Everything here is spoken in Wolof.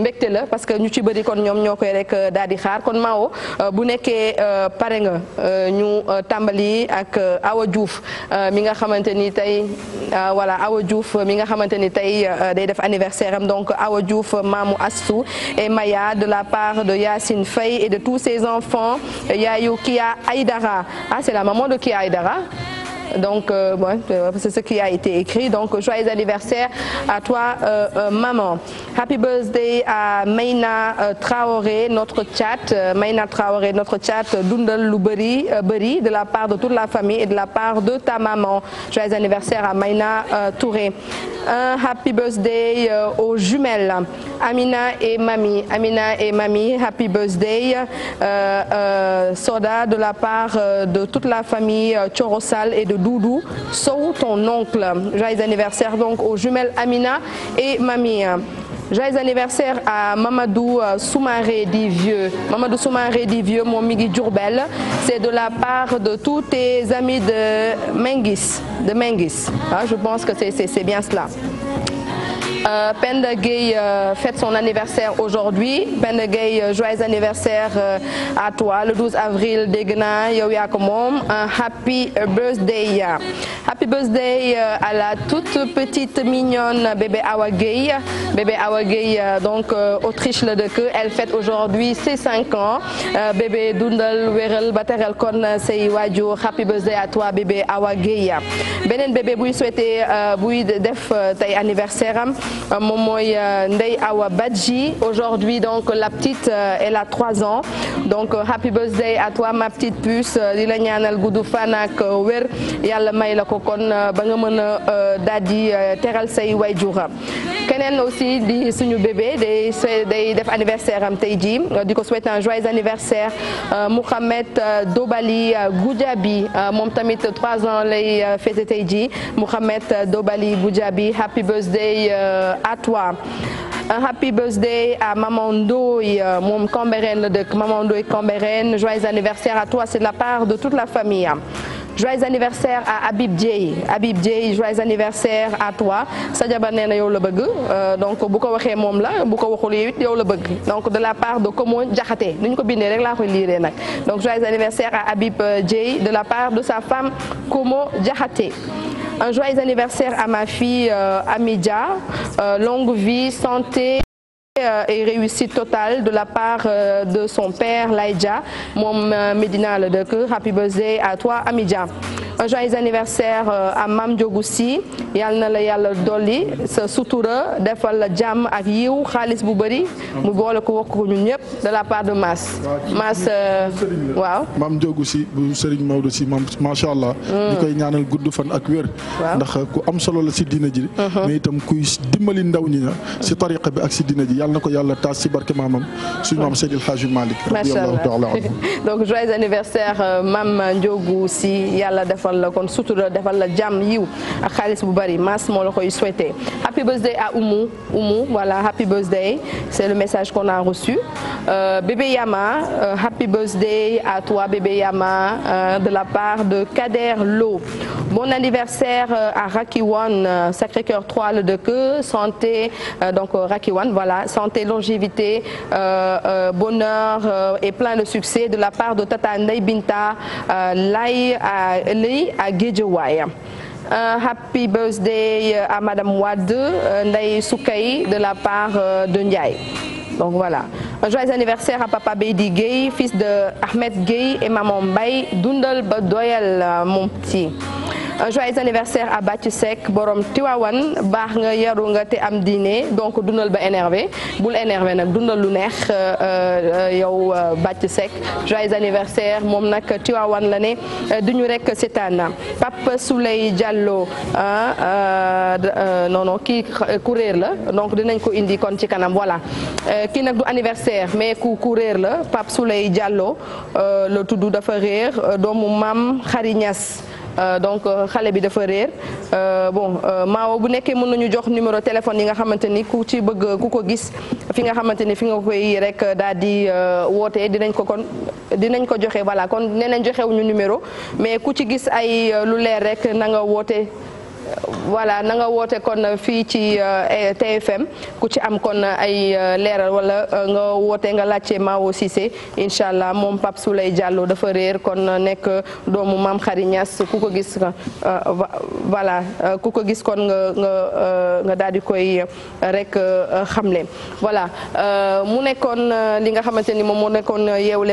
mbégte la parce que ñu ci bëri kon ñoom ñoo koy rek euh, daal di xaar kon Mao euh, bu nekkee euh, pare nga ñu tàmbali ak Awa Diouf mi nga xamante ni tey voilà Awa Diouf mi nga xamante ni tey day def anniversaire am donc Awa Diouf maamu Astou et Maya de la part de Yacine Faye et de tous ses enfants yaayu Kia Aydara ah c'est la maman de Kia Aydara Donc, euh, bon, euh, c'est ce qui a été écrit. Donc, joyeux anniversaire à toi, euh, euh, maman. Happy birthday à Meina Traoré, notre chat. Meina Traoré, Beri, de la part de toute la famille et de la part de ta maman. Joyeux anniversaire à Meina Touré. happy birthday aux jumelles, Amina et Mami. happy birthday. Soda, de la part de toute la famille Chorosal Doudou Sow, ton oncle. Joyeux anniversaire donc aux jumelles Amina et Mamie. Joyeux anniversaire à Mamadou euh, Soumaré des Vieux. Mamadou Soumaré des Vieux, mon Migi Djourbel, c'est de la part de tous tes amis de Mengis. De Mengis. Hein, ah, je pense que c'est bien cela. Euh, Penda Gueye euh, fête son anniversaire aujourd'hui Penda Gueye euh, joyeux anniversaire euh, à toi le avril dégg naa yow yaa ko moom un happy birthday happy birthday euh, à la toute petite mignonne bébé Awa bébé Awa donc Autriche la dëkk elle fête aujourd'hui cinq ans bébé dundal wéral ba teral kon say waajur happy birthday à bébé Awa Gueye bébé buy souhaité buy def tey anniversaire am Euh, moom mooy euh, Ndeye Awa Badji aujourd'hui donc la petite euh, elle la trois ans donc happy birthday à toi ma petite puce di la ñaanal gudd fan ak wér yàlla may la ko kon ba nga mën a daal di teral say way jura keneen la aussi di suñu bébé de day def anniversaire am tey jii euh, di ko souhaiter un joyeux anniversaire euh, Mouhamed euh, Dobali Goudiabi moom tamit trois ans lay fêté tey jii Mouhamed Dobali Goudiabi happy birthday à toi un happy birthday à Maman Ndoye moom Cambérène la dëkk Maman Ndoye Cambérène joyeux anniversaire à toi c'est de la part de toute la famille joyeux anniversaire à Habib Dieye Habib Dieye joyeux anniversaire à toi sa jabar nee na yow la bëgg euh, donc bu ko waxee moom la bu ko waxul yow la bëgg donc de la part de Komo Diakhaté nu ñu ko bindee rek laa koy liiree nag donc joyeux anniversaire à Habib euh, Dieye de la part de sa femme Komo Diakhaté un joyeux anniversaire à ma fille euh, Amidia euh, longue vie santé Euh, et réussite totale de la part euh, de son père Laïdja moom euh, Médina la dëkk happy birthday à toi Amidia Euh, joyeux anniversaire euh, à Mame Ndiogou yal na la yàlla dolli sa sutura defal la jàmm ak yiw xaalis bu bëri mu boole ko wokk ko ñun ñëpp de la part de Mass Mass euh, waaw Mame Ndiogou Sy bu Serigne Maodo Sy maam macha allah hmm. ñu koy ñaanal gudd fan ak wér ndax ku am solo la si diina ji uh-huh. mais itam kuy dimbali ndaw ñi na si tariqa bi ak si diina ji yal na ko yàlla taas si barke maamam suñu maam Seydil defal defal la kon sutura defal la jàmm yiw ak xaalis bu bari maas moo la koy souhaité happy birthday à Oumou Oumou voilà happy birthday c'est le message qu'on a reçu euh, bébé Yama euh, happy birthday à toi bébé Yama euh, de la part de Kader Lo bon anniversaire euh, à Rakiwan euh, Sacré-Cœur 3 le dëkk santé euh, donc Rakiwan voilà santé longévité bonheur et plein de succès de la part de Tata Ndeye Binta Lay Gueye à Guédiawaye Un euh, happy birthday euh, euh, la Papa Beydi Gueye, fils de Ahmed et Maman Mbaye, Dundal Badoyal mon petit. Euh, joyeux anniversaire à Bathie Seck borom Tiwaawan baax nga yaru nga te am diine donc dundal ba énervé bul énervé nag dundal lu neex euh, euh, yow Bathie Seck joyeux anniversaire moom nag Tiwaawan la ne duñu rek seetaan Pape Souley Diallo non non kii kuréer la donc dinañ ko indi kon ci kanam voilà nag du anniversaire mais ku kuréer la Pape Souley Diallo la tudd dafa réer doomu maam Xari Ñas Euh, donc euh, xale bi dafa réer euh, bon maawo bu nekkee mën nañu jox numéro téléphone yi nga xamante ni ku ci bëgg ku ko gis fi nga xamante ni fi nga koy rek daal di wootee dinañ ko kon dinañ ko joxe balaa kon nee nañ joxewuñu numéro mais ku ci gis ay lu leer rek na nga woote voilà na nga woote kon fii ci euh, TFM ku ci am kon ay euh, leeral wala euh, nga woote nga laajte Mawo Cissé incha allah moom Pape Souley Diallo dafa réer kon nekk doomu maam Khary ku ko gis voilà ku ko gis kon nga nga nga daal di koy rek xamle voilà mu nekkoon li nga xamante ni moom moo nekkoon yeewu